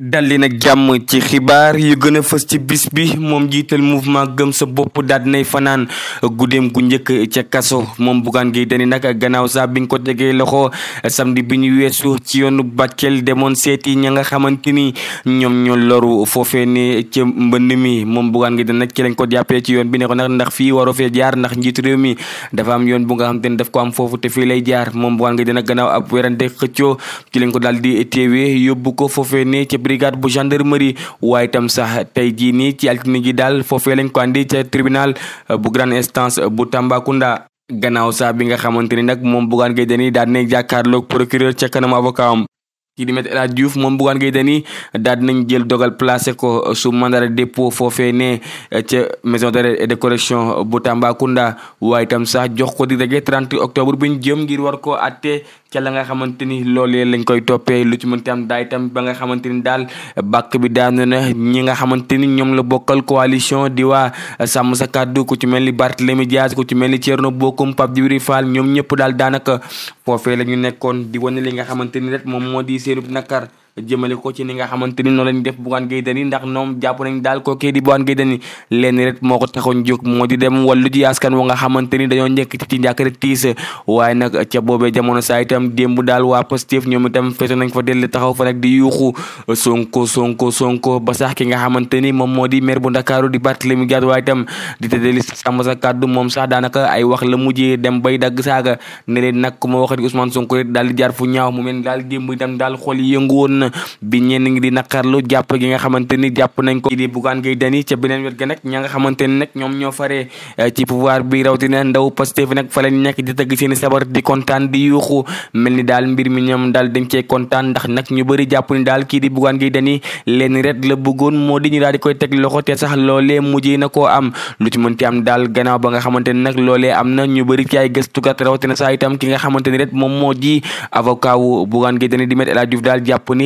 dalli nag jàmm ci xibaar yu a fës ci bis bi moom jiital mouvement gëm sa bopp daal nay fanaan guddeem gu njëkk ca kaso moom Bougane Gueye Dany nag gannaaw saa bi nga ko tegee loxo samedi bi ñu weesu ci yoonu Bakel demoon seeti ña nga xamante ni ñoom ñoo loru foofee ne ca mbënd mi moom Bougane Gueye Dany nag ci lañ ko jàppee ci yoon bi ne ko ndax fii waroo fee jaar ndax njiitu réew mi dafa am yoon bu nga xamante ni daf ko am foofu te fii lay jaar moom Bougane Gueye Dany nag gannaaw ab werante xëccoo ci lañ ko daal di teewee yóbbu ko foofee ne ca brigade bu gendarmerie waaye itam sax tey jii nii ci altine ji daal foofee ko andi ca tribunal euh, bu grande instance bu Tambacounda. gannaaw sax bi nga xamante ni nag moom Bougane Gueye Dany daal dinañ jàkkaarloog procureur ca kanam avocat am kii di Maître El Hadji Diouf moom Bougane Gueye dogal placé ko sous mandat de dépôt foofee ne euh, ca maison d'arrêt de correction bu Tambacounda nda itam sax jox ko di rege 30 octobre bi ñu jëm ngir atte ca la nga xamante ni loolee lañ koy toppee lu ci mënti am daay itam ba nga xamante ni daal bàkk bi daanu na ñi nga xamante ni ñoom la bokkal coalition di waa sàmm sa kàddu ku ci mel ni Barthélemy Dias ku ci mel ni Thierno Bocoum Pape Djibril Fall ñoom ñëpp daal daanaka foofee la ñu nekkoon di wane li nga xamante ni rek moom moo di seenub nakar jëmale ko ci ni nga xamante ni noonu lañ def Bougane Gueye Dany ndax noom jàpp nañ daal ko kii di Bougane Gueye Dany lenn rek moo ko taxoon jóg moo di dem wàllu ji askan wa nga xamante ni dañoo njëkk ci njàkkare tiis waaye nag ca boobee jamono saa itam démb daal waa Pastef ñoom itam feetu nañ fa dellu taxaw fa nag di yuuxu Sonko Sonko Sonko ba sax ki nga xamante ni moom moo di maire Ndakaaru di Barthélémy Dias waaye itam di tëddali sàmm sa kàddu moom sax daanaka ay wax la mujjee dem bay dagg saaga ne nak nag ku ma waxati Ousmane Sonko daal di jaar fu ñaaw mu mel daal démb itam daal xool yëngu yoon bi ñenn ngi di naqarlu jàpp gi nga xamante ni jàpp nañ ko di Bougane Gueye Dany ca beneen wet ga nag ña nga ñoom ñoo eh, ci pouvoir bi rawatina ndaw Pastef fa leen ret di ñu daal di koy teg loxo te sax loolee mujjee na am lu ci mënti am daal gannaaw ba nga xamante ni am na ñu bëri ci ay gëstukat rawatina saa nga xamante ret moom moo ji avocat wu di Me El daal jàpp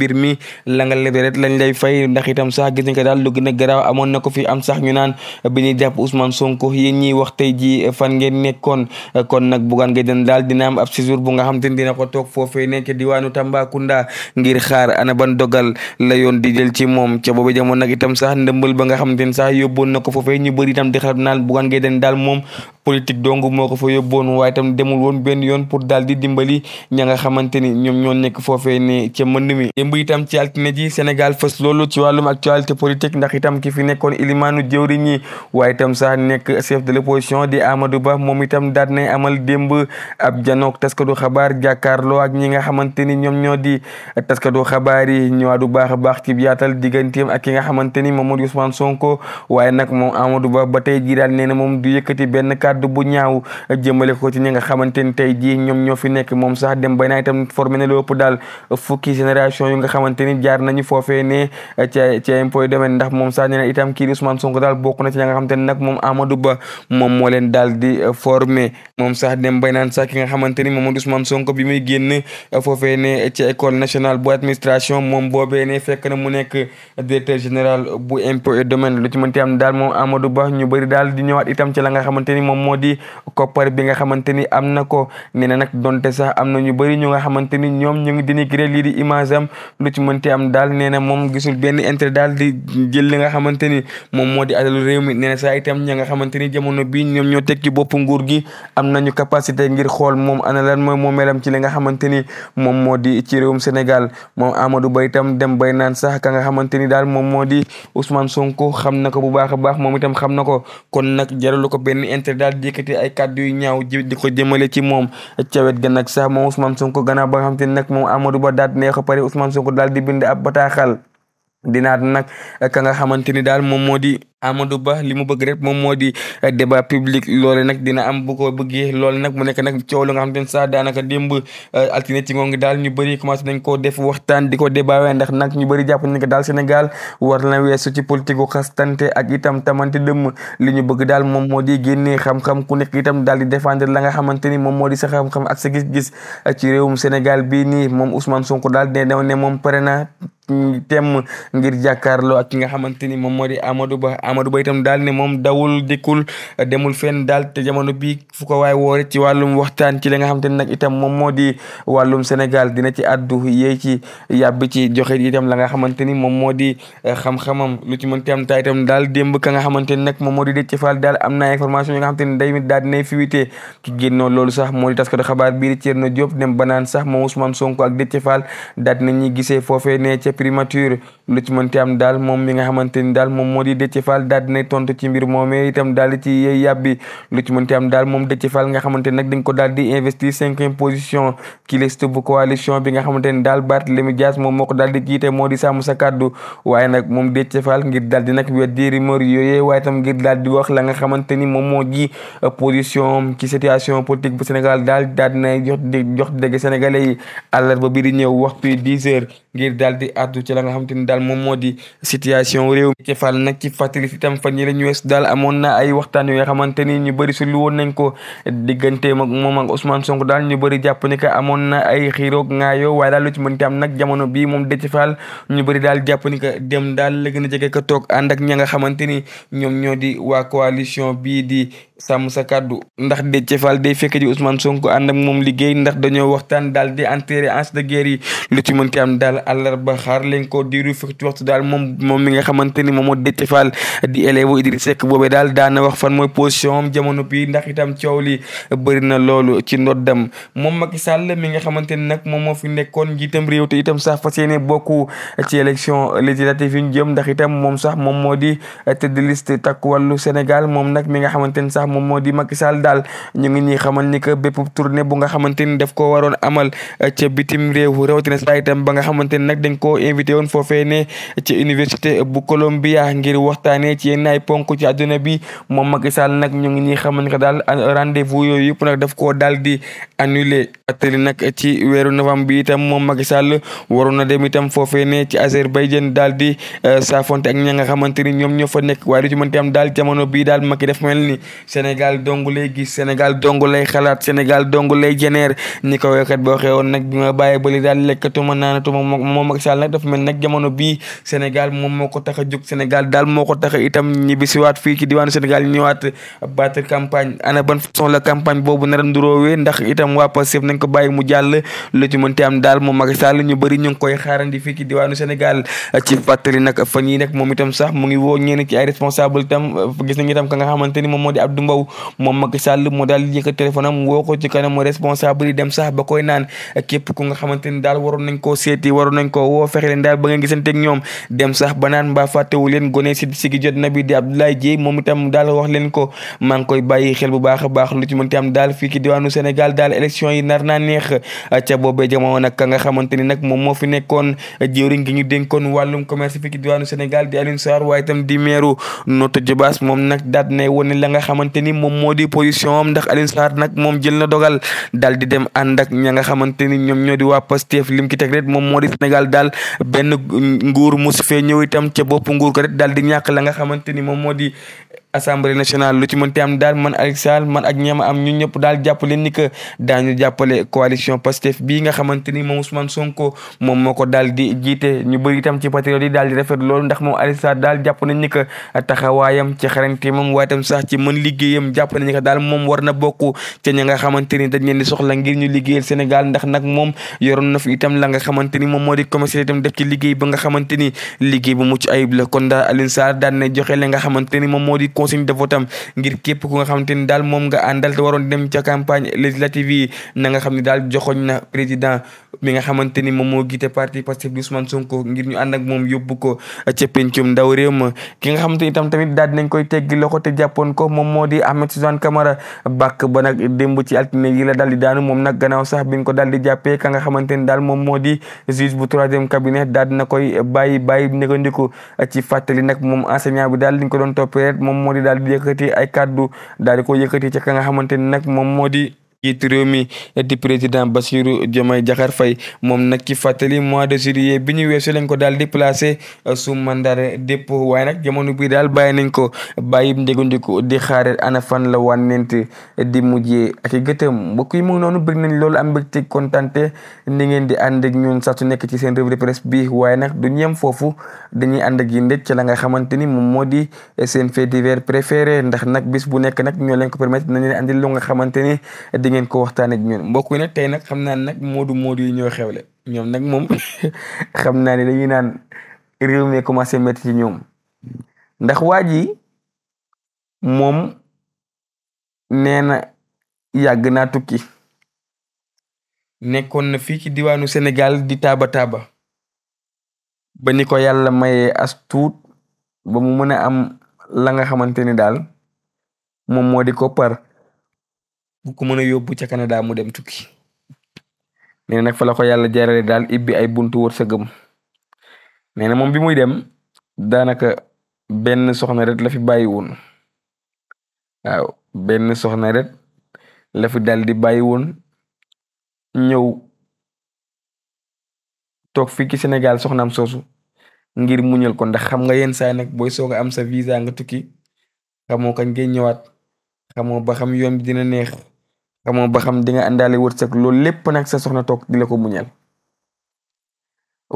mbir mi la nga leb rek lañ lay fay ndax itam sax gis nañ daal lu gën a garaaw amoon na ko fi am sax ñu naan bi ñuy jàpp Ousmane Sonko yéen ñiy wax ji fan nekkoon kon nag Bougane Gueye Dany daal dina bu nga xam te dina ko toog foofee nekk diwaanu Tambacounda ngir xaar ana ban dogal la yoon di jël ci moom ca boobu jamono nag itam sax ndëmbal ba nga xam te sax yóbboon na ko foofee ñu bëri itam di xalaat naan Bougane Gueye Dany daal moom politique dong moo ko fa yóbboon waaye itam demul woon benn yoon pour daal di dimbali ña nga xamante ni ñoom ñoo nekk foofee ne ca démb itam ci altine ji Sénégal fës loolu ci wàllum actualité politique ndax itam ki fi nekkoon ilimaanu jëwriñ yi waaye itam sax nekk chef de l'opposition di Amadou Ba moom itam daal nay amal démb ab janook taskatu xabaar jàkkaarloo ak ñi nga xamante ni ñoom ñoo di taskatu xabaar yi ñëwaat bu baax a baax ci yaatal digganteem ak ki nga xamante ni moom moo di Ousmane Sonko waaye nag moom Amadou Ba ba tey jii daal nee na moom du yëkkati benn kàddu bu ñaaw jëmale ko ci ñi nga xamante ni tey jii ñoom ñoo fi nekk moom sax dem bay naa itam formé na daal nga xamante ni jaar nañu foofee ne ca eh, ca impôt domaine ndax moom sax nee na itam kii Sonko daal bokk na nga xamante ne nag moom Ba moom moo leen daal di eh, formé moom sax dem bay naan sax ki nga xamante ni moom Ousmane Sonko bi muy génn eh, foofee ne ci école bu administration moom boobee ne fekk directeur général bu impôt et domaine lu ci mënti am daal moom Amadou Ba ñu bëri daal di ñëwaat itam ci la nga ni moom moo di koppar bi nga xamante ni am na ko nee na lu ci mënti am daal nee na moom gisul benn intérêt daal di jël li nga xamante ni moom moo di alalu réew mi nee na ña nga xamante ni jamono bii ñoom ñoo teg ci bopp nguur gi am nañu capacité ngir xool moom ana lan mooy moomeelam ci li nga xamante ni moom moo di ci réewum Sénégal moom Amadou Ba itam dem bay naan sax ka nga xamante ni daal moom moo di Ousmane Sonko xam na ko bu baax a baax moom itam xam na ko kon nag jaralu ko benn intérêt daal di ay kàddu yu ñaaw ji di ko jëmale ci moom ca wet ga nag sax moom Ousmane Sonko gannaaw ba nga xamante ni nag Ba daal nee ko pare Ousmane Sonko daal di bind ab bataaxal dinaat nag ka nga xamante ni daal moom moo di Amadou Ba li mu bëgg rek moom moo di eh, débat public loole nag dina am bu ko bëggee loole nag mu nekk nag coow la nga xam ne sax daanaka démb eh, altine ci ngoon gi daal ñu bëri commencé nañ koo def waxtaan di ko ndax nag ñu bëri jàpp nañ ko daal Sénégal war na weesu ci politique gu xastante ak itam tamante dëmm li ñu bëgg daal moom moo di génnee xam ku nekk itam daal di défendre la nga xamante ni moom moo di sa xam-xam ak sa gis-gis eh, ci réewum Sénégal bii ni moom Ousmane Sonko daal dina dew ne moom pare na mm, temm ngir jàkkaarloo ak ki nga xamante ni moom moo di Amadou Ba Amadou Ba itam daal ne moom dawul dikkul demul fenn daal te jamono bii fu ko ci wàllum waxtaan ci li xam te ne itam moom moo di wàllum Sénégal dina ci addu yee joxe itam eh, lu ci mën ti am itam daal démb ka nga xamante ni nag daal am na information yi nga xamante ni day mit daal dinay fuité ki génnoo loolu sax moo di taskatu xabaar bii di Thierno Diop dem sax moom Ousmane Sonko ak Déthié Fall daal dina ñuy gisee ne ca primature lu am daal moom mi nga xamante ni daal moom moo Fall daal dinay tontu ci mbir moomee itam daal di ci yey yàbbi lu ci mënti am daal moom Déthié Fall nga xamante nag dañ ko daal di investir cinquième position ci liste bu coalition bi nga xamante ni daal Barthélémy Dias moom moo ko daal di jiite moo di sàmm sa kàddu nag moom Déthié Fall ngir daal di nag daal di wax la nga xamante ni moom moo ji euh, position ci situation politique bu Sénégal daal daal jox jox dégg sénégalais yi àllarba bi di ñëw yi ngir daal di àddu ci la nga xamante ni daal moom moo di situation réew nag ci fàttali gis itam fan yi la ñu wees daal amoon na ay waxtaan yoo xamante ni ñu bëri si lu woon nañ ko diggante ak moom ak Ousmane Sonko daal ñu bëri jàpp ni que amoon na ay xiiroog ngaayoo waaye daal lu ci mën ti am nag jamono bii moom Déthié Fall ñu bëri daal jàpp ni que dem daal la a jege ka toog ànd ak ña nga xamante ni ñoom ñoo di waa coalition bii di sàmm sa kàddu ndax Déthié Fall day fekk ji Ousmane Sonko ànd moom liggéey ndax dañoo waxtaan daal di enterré ans de guerre yi lu ci mënti am daal àllarba xaar leen ko diiru fukki waxtu daal moom moom mi nga xamante ni moom moo Déthié Fall di élève Idriss Seck boobee daal daana wax fan mooy position am jamono bi ndax itam coow li bëri na loolu ci ndoddam moom Macky Sall mi nga xamante ni nag moom moo fi nekkoon njiitam réew te itam sax fas yéene bokku ci élection yi ñu jëm ndax itam moom sax moom moo di tête de liste takku Sénégal moom nag mi nga xamante ni sax moom moo di Macky Sall daal ñu ngi ñuy xamal ni que bépp tournée bu nga xamante ni daf ko waroon amal ca bitim réew rawatina sax itam ba nga xamante ni nag dañ koo invité woon foofee ne ci université bu Columbia ngir waxtaan waxtaanee ci yenn ay ponk ci àdduna bi moom Macky Sall nag ñu ngi ñuy yooyu yëpp nag daf koo daal di annulé attali nag ci weeru novembre bi itam moom Macky Sall waroon na dem itam foofee ne ci Azerbaïdjan daal di euh, saafonte ak ña nga xamante ni ñoom ñoo fa nekk waaye du ci mën am daal jamono bii daal Macky def mel ni Sénégal dong lay gis Sénégal dong lay xalaat Sénégal dong lay jeneer ñi ko wéykat boo xewoon nag bi ma bàyyi bëli daal lekkatuma naanatuma moom Macky Sall nag dafa mel nag jamono bii Sénégal moom moo ko daal moo tax itam ñibbisiwaat fii ci diwaanu Sénégal ñëwaat battre campagne ana ban façon la campagne boobu nar a nduroowee ndax itam waa Pastef nañ ko bàyyi mu jàll lu ci mënti am daal moom Macky Sall ñu bëri ñu ngi koy xaarandi fii ci diwaanu Sénégal ci fàttali nag fan yi nag moom itam sax mu ngi woo ñenn ci ay responsable itam gis nañu itam ka nga xamante ni moom moo di Abdou Mbow moom Macky Sall moo daal yëkkat téléphone am woo ko ci kanamu responsable yi dem sax ba koy naan képp ku nga xamante ni daal waroon nañ koo seeti waroon nañ koo woo fexe leen daal ba nga gisanteeg ñoom dem sax ba naan mbaa fàttewu leen gone si sigi jot nabi di Abdoulaye Dieye moom itam daal wax leen ko maa koy bàyyi xel bu baax a baax lu ci mën ti am daal fii ci diwaanu Sénégal daal élection yi nar naa neex ca boobee jamono nag ka nga xamante ni nag moom moo fi nekkoon jëwriñ gi ñu dénkoon wàllum commerce fii ci diwaanu Sénégal di Alioune Sarr waaye itam di meeru Notto Diobass moom nag daat ne wone la nga xamante ni moom moo di position am ndax Alioune Sarr nag moom jël na dogal daal di dem ànd ak ña nga xamante ni ñoom ñoo di waa Pastef lim ki teg rek moom moo di Sénégal daal benn nguur musu fee ñëw itam ca bopp nguur ko rek daal di ñàkk la nga xamante ni moom moo di assemblée nationale lu ci mënti am daal man Aliou Sall man ak am ñun ñëpp daal jàpp leen que daañu jàppale coalition Pastef bii nga xamante ni moom Ousmane Sonko moom moo ko daal di jiite ñu bëri itam daal di rafet loolu ndax moom Aliou Sall daal jàpp nañ ni que taxawaayam ci xarañte moom waaye itam sax jàpp nañ que daal moom war na bokk ca nga xamante ni dañ leen di soxla ngir ñu liggéeyal Sénégal ndax nag moom yoroon na fi itam nga xamante ni moom moo di commercial itam def ba nga xamante ni liggéey joxe la nga xamante ni moom moo consigne de vote am ngir képp ku nga xamante ni daal moom nga àndal te waroon dem ca campagne législative yi na xam ne daal joxoñ na président ni moom moo jiite parti Pastef di Ousmane Sonko ngir ñu ànd ak moom yóbbu ko ca pencum ndaw réew ma ki nga xamante ni itam tamit daal dinañ koy teggi loxo te jàppoon ko moom moo di Ahmed Suzanne Camara bàkk ba nag démb ci altine yi daal di daanu moom nag gannaaw sax bi ko daal di jàppee ka nga xamante ni daal moo di juge bu troisième cabinet daal dina koy moom moo di daal di yëkkati ay kàddu daal ko yëkkati ci ka nga xamante ni nag moom moo di njiitu réew mi di président Bassirou Diomaye Diakhar Faye moom nag ci fàttali mois de juillet bi ñu weesu lañ ko daal di placé euh, sous mandat de dépôt waaye nag jamono bii daal bàyyi nañ ko bàyyi ndegandiku di xaare ana fan la wànnent di mujjee ak gëtëm mbokk yi mu noonu bëgg nañ loolu am mbégte kontante ni ngeen di ànd ak ñun saa nekk ci seen revue de presse bi waaye nag du ñu yem foofu dañuy ànd ak yi ndëj ci la nga xamante ni moom moo di euh, seen fait divers préféré ndax nag bis bu nekk nag ñoo leen ko permettre nañ leen nga xamante ngeen ko waxtaan ak ñun mbokk yi nag tey nag xam naa ne nag moodu moodu yi ñoo xewle ñoom nag moom xam naa ni dañuy naan réew mi commencé métti ci ñoom ndax waa ji moom nee na yàgg naa tukki nekkoon na fii ci diwaanu Sénégal di taaba taaba ba ni ko yàlla mayee as tuut ba mu mën a am la nga xamante ni daal moom moo di koppar bu ko mën a yóbbu ca Canada mu dem tuki nee na nag fa la ko yàlla jaarale daal ibbi ay buntu wërsëgam nee na moom bi muy dem daanaka benn soxna ret la fi bàyyi woon waaw benn soxna ret lafi fi daal di bàyyi woon ñëw toog fii ci Sénégal soxnaam soosu ngir muñal ko ndax xam nga yenn saay nag booy soog a am sa visa nga tukki xamoo kañ ngay ñëwaat xamoo ba xam yoon dina neex xamoo ba xam di nga àndaale wërsëg loolu lépp nag sa soxna toog di la ko muñal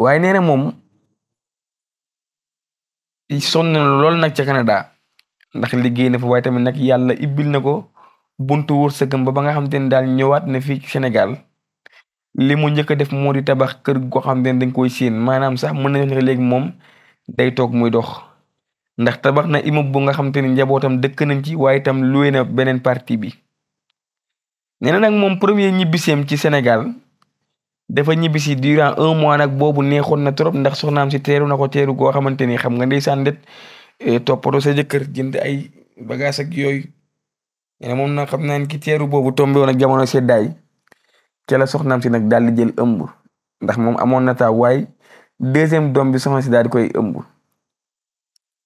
waaye nee na moom sonn na lool nag ca Canada ndax liggéey na fa waaye tamit nag yàlla ibbil na ko buntu wërsëgam ba ba nga xam te daal ñëwaat na fii Sénégal li mu njëkk def moo di tabax kër goo xam ne dañ koy séen maanaam sax mën na ne léegi moom day toog muy dox ndax tabax na immeuble bu nga xam te ne njabootam dëkk nañ ci waaye itam loué na beneen partie bi. nee na nag moom premier ñibbiseem ci Sénégal dafa ñibbisi durant un mois nag boobu neexoon na trop ndax soxnaam si teeru na ko teeru goo xamante ni xam nga ndeysaan det e, toppatoo sa jëkkër jënd ay bagage ak yooyu nee na xam naa ki teeru boobu tombé woon ak jamono seddaay ca la soxnaam si nag daal di jël ndax moom amoon na taa waaye deuxième doom bi soxna si daal di koy ëmb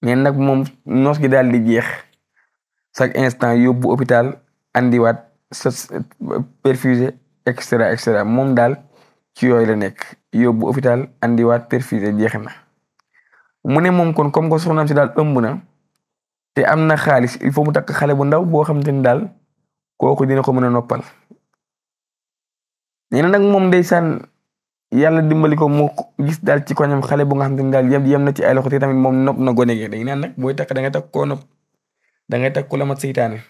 nee nag moom noos gi daal di jeex chaque instant yóbbu hôpital andiwaat. perfusé et cetera et cetera moom daal ci yooyu la nekk yóbbu hôpital andiwaat perfusé jeex na mu ne moom kon comme ko soxnaam si daal ëmb na te am na xaalis il faut mu takk xale bu ndaw boo xamante ni daal kooku dina ko mën a noppal nee na nag moom ndeysaan yàlla dimbali ko mu gis daal ci koñam xale bu nga xamante ni daal yem yem na ci ay loxo tamit moom nopp na gone gi dañu naan nag booy takk da ngay takk koo nopp da ngay takk ku la mat seytaane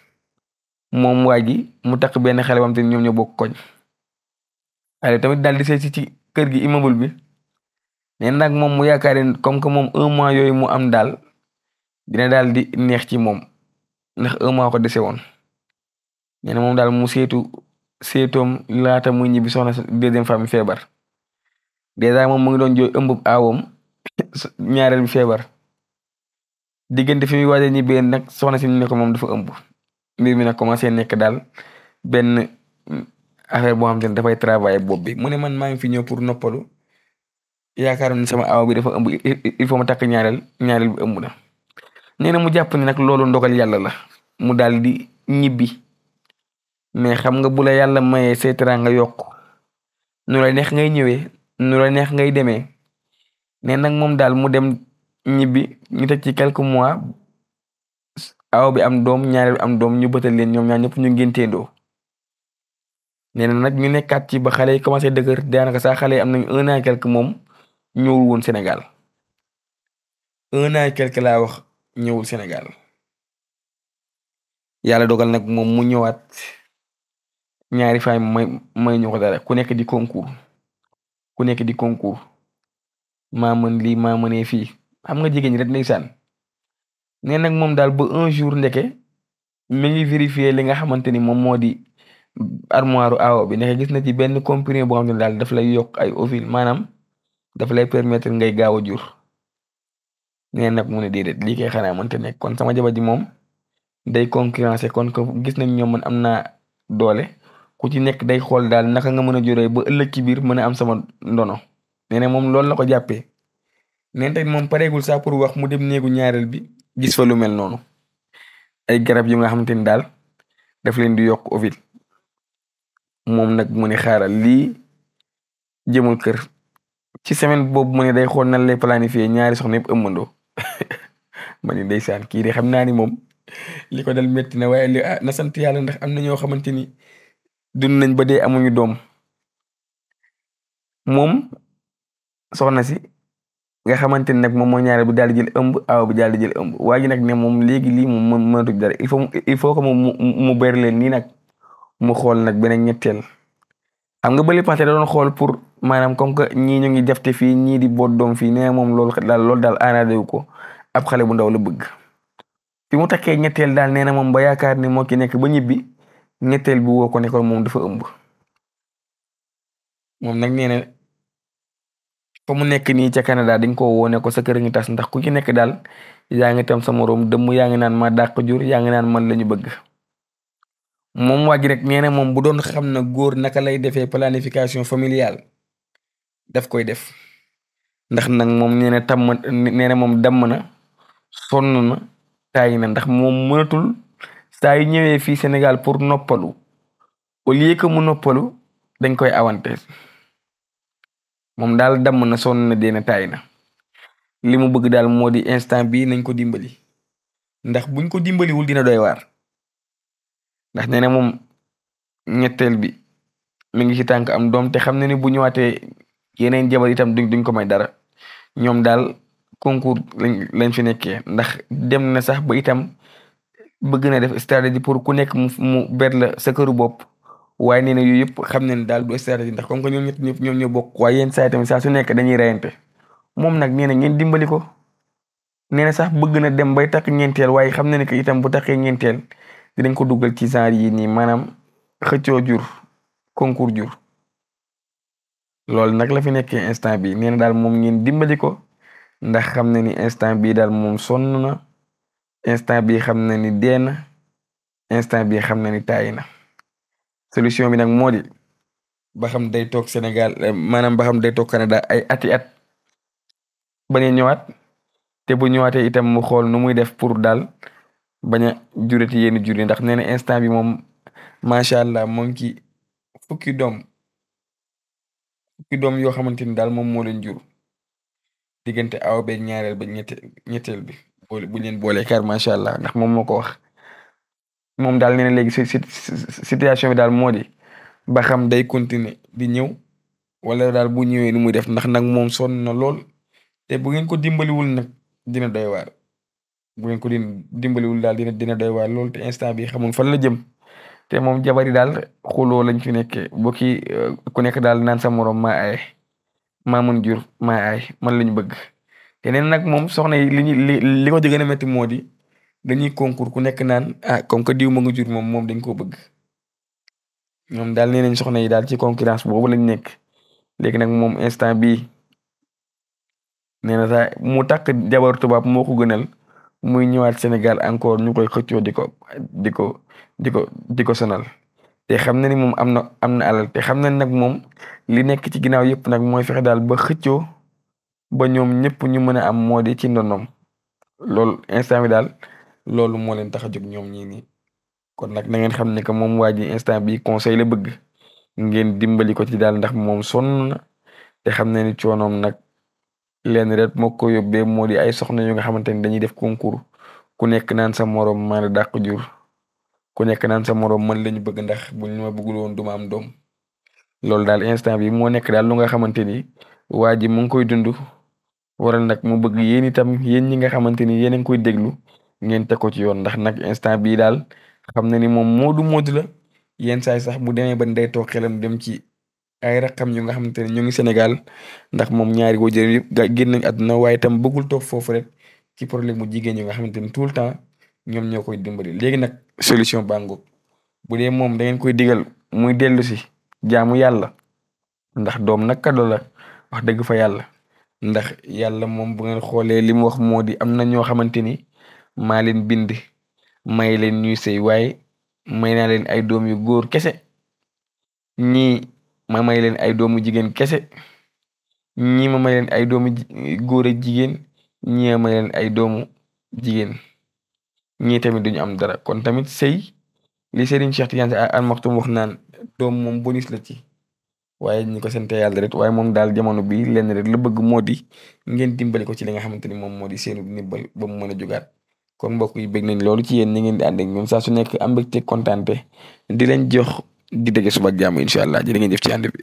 moom waa ji mu takk benn xale bam te ñoom ñoo bokk koñ ale tamit daal di seet si ci kër gi immeuble bi nee nag moom mu yaakaar comme que moom un mois yooyu mu am daal dina daal di neex ci moom ndax un mois ko dese woon nee na moom daal mu seetu seetoom laata muy ñibbi soxna sa deuxième femme bi feebar dèjà moom mu ngi doon jooy ëmbub aawam ñaareel bi feebar diggante fi muy waajee ñibbee nag soxna si ne ko moom dafa ëmb mbir mi nag commencé nekk daal benn affaire boo xam te ne dafay travailler bopp bi mu ne man maa ngi fi ñëw pour noppalu yaakaaroon sama aw bi dafa ëmb il faut ma takk ñaareel ñaareel bi ëmb na nee na mu jàpp ne nag loolu ndogal yàlla la mu daal di ñibbi mais xam nga bu la yàlla mayee seetara nga yokk nu la neex ngay ñëwee nu la neex ngay demee nee nag moom daal mu dem ñibbi ñu teg ci quelques mois aw bi am doom ñaareel bi am doom ñu bëtal leen ñoom ñaar ñëpp ñu ngénteendoo nee na nag ñu nekkaat ci ba xale yi commencé dëgër daanaka saa xale yi am nañu un an quelque moom ñëwul woon senegal un an quelque laa wax ñëwul senegal yàlla dogal nag moom mu ñëwaat ñaari faay may may ñu dara ku nekk di concours ku nekk di concours maa mën lii maa mënee fii xam nga jigéen ñi rek ndeysaan nee nag moom daal ba un jour ndeke mi ngi vérifier li nga xamante ni moom moo di armoire awo bi ndeke gis na ci benn comprimé boo xam ne daal daf lay yokk ay ovules maanaam daf lay permettre ngay gaaw a jur nee nag mu ne déedéet lii kay xanaa mënta nekk kon sama jabar ji moom day concurrencé kon que gis nañ ñoom man am naa doole ku ci nekk day xool daal naka nga mën a juree ba ëllëg ci biir mën a am sama ndono nee na moom loolu la ko jàppee nee na tey moom pour wax mu dem néegu ñaareel bi. gis fa lu mel noonu ay garab yu nga xamante ni daal daf leen di yokk ovil moom nag mu ne xaaral lii jëmul kër ci semaine boobu mu ne day xool nan lay planifier ñaari soxna yëpp ëmmandoo ma ni ndeysaan kii de xam naa ni moom li ko dal métti na waaye li ah, na sant yàlla ndax am na ñoo xamante ni dund nañ ba dee amuñu doom moom soxna si nga xamante ne nag moom moo ñaar bi daal di jël ëmb aw bi daal di jël ëmb nag ne moom léegi lii moom mënatu dara il faut il faut que mu mu bëri leen nii nag mu xool nag beneen ñetteel xam nga bële paase da doon xool pour maanaam comme que ñii ñu ngi jafte fii ñii di boot doom fii nee moom loolu daal loolu daal ko ab xale bu ndaw la bëgg fi mu takkee ñetteel daal nee na moom ba yaakaar ne moo ki nekk ba ñibbi ñetteel bu woo ko nekkoon moom dafa ëmb nag nee fa nekk nii ca Canada dañ ko wone ko sa kër ngi tas ndax ku ci nekk daal yaa ngi tam sa moroom dëmm yaa ngi naan ma dàq jur yaa ngi naan man la ñu bëgg moom waa ji rek bu doon xam na góor naka lay defee planification familiale daf koy def ndax nag moom nee na tàmm nee na moom damm na sonn na taay na ndax moom mënatul saa yu ñëwee fii Sénégal pour noppalu au lieu que mu noppalu dañ koy awante moom daal damm na sonn na dee taay na li mu bëgg daal moo di instant bi nañ ko dimbali ndax buñ ko dimbaliwul dina doy waar ndax nee na moom ñetteel bi mi ngi ci tànk am doom te xam ne ni bu ñëwaatee yeneen jabar itam duñ duñ ko may dara ñoom daal concours lañ lañ fi nekkee ndax dem na sax ba itam bëgg na def stratégie pour ku nekk mu mu ber la sa këru bopp waaye nee na yooyu yëpp xam ne daal du stratégie ndax comme que ñoom ñett ñëpp ñoom ñoo bokk waaye yenn saa yi tamit saa su nekk dañuy reyante moom nag nee na ngeen dimbali ko nee sax bëgg na dem bay takk ñeenteel waaye xam na ne que itam bu takkee ñeenteel dinañ ko dugal ci genre yi nii maanaam xëccoo jur concours jur loolu nag la fi nekkee instant bi nee daal moom ngeen dimbali ko ndax xam na ni instant bii daal moom sonn na instant bii xam na ni dee instant bi xam na ni taayi na solution bi nag moo di ba day toog Sénégal eh, maanaam mbaxam day toog Canada ay ati at bañ a ñëwaat te bu ñëwaatee itam mu xool nu muy def pour daal bañ a jurati yenn jur ndax nee na instant bi moom macha allah moo ngi ci fukki doom fukki doom yoo xamante ni daal moom moo leen jur diggante aw ba ñaareel ba ñette ñetteel bi bu leen boolee kaar allah ndax moom moo ko wax. moom daal nee na léegi si situation bi daal moo di ba xam day continuer di ñëw wala daal bu ñëwee ni muy def ndax nag moom sonn na lool te bu ngeen ko dimbaliwul nag dina doy waar bu ngeen ko di dimbaliwul daal dina dina doy waar lool te instant bi xamul fan la jëm te moom jabar yi daal xuloo lañ fi nekkee boo kii eh, ku nekk daal naan sa morom maa ay maa mun jur maa ay man lañu bëgg te neen nag moom soxna yi li ñu li li moo di dañuy concours ku nekk naan ah comme que diw jur moom moom dañ koo bëgg ñoom daal nee nañ soxna yi daal ci concurrence boobu lañ nekk léegi nag moom instant bii nee na saa mu takk jabar tubaab moo ko gënal muy ñëwaat Sénégal encore ñu koy xëccoo di ko di ko di ko di ko sonal te xam na ni moom am na am na alal te xam na nag moom li nekk ci ginnaaw yëpp nag mooy fexe daal ba xëccoo ba ñoom ñëpp ñu mën a am moo di ci ndonom loolu instant bi daal. loolu moo leen tax a jóg ñoom ñii nii kon nag na ngeen xam ne que moom waa ji instant bi conseil la bëgg ngeen dimbali ko ci daal ndax moom sonn na xam ne ni coonoom nag leen ret moo ko yóbbee moo di ay soxna yu nga xamante ni dañuy def concours ku nekk naan sa morom maa dàq jur ku nekk naan sa morom man lañu bëgg ndax buñ ma bëggul woon duma am doom loolu daal instant bi moo nekk daal lu nga xamante ni waa ji mu ngi koy dund waral nag mu bëgg yéen itam yéen ñi nga xamante ni yéen a ngi koy déglu ngeen teg ko ci yoon ndax nag instant bii daal xam na ni moom moodu moodu la yenn saay sax bu demee ba day toog xelam dem ci ay raqam yu nga xamante ne ñu ngi Sénégal ndax moom ñaari wajur yëpp génn nañ àdduna waaye itam bëggul foofu rek ci problème mu jigéen ñi nga xamante ne tout le temps ñoom ñoo koy dimbali léegi nag solution bàngoog bu dee moom da koy digal muy dellu si jaamu yàlla ndax doom nag kado la wax dëgg fa yàlla ndax yàlla moom bu ngeen xoolee li mu wax moo di am na ñoo xamante ni maa leen bind may leen ñuy sëy waaye may na leen ay doom yu góor kese ñii ma may leen ay doomu jigéen kese ñii ma may leen ay doomu góor jigéen ñii ma may ay doomu jigéen ñii tamit duñu am dara kon tamit sëy li Serigne Cheikh Tidiane Al Maktoum wax naan doom moom bonus la ci waaye ñu ko sante yàlla rek waaye moom daal jamono bi lenn rek la bëgg moo di ngeen dimbali ko ci li nga xamante ni moom moo di seenu ndimbal ba mu mën a jógaat kon mbokk yi bëgg nañ loolu ci yéen ñi ngeen di ànd ak ñoom su nekk am mbégte kontaan te di leen jox di dégg suba jaam jàmm incha allah jërë ngeen jëf ci ànd bi.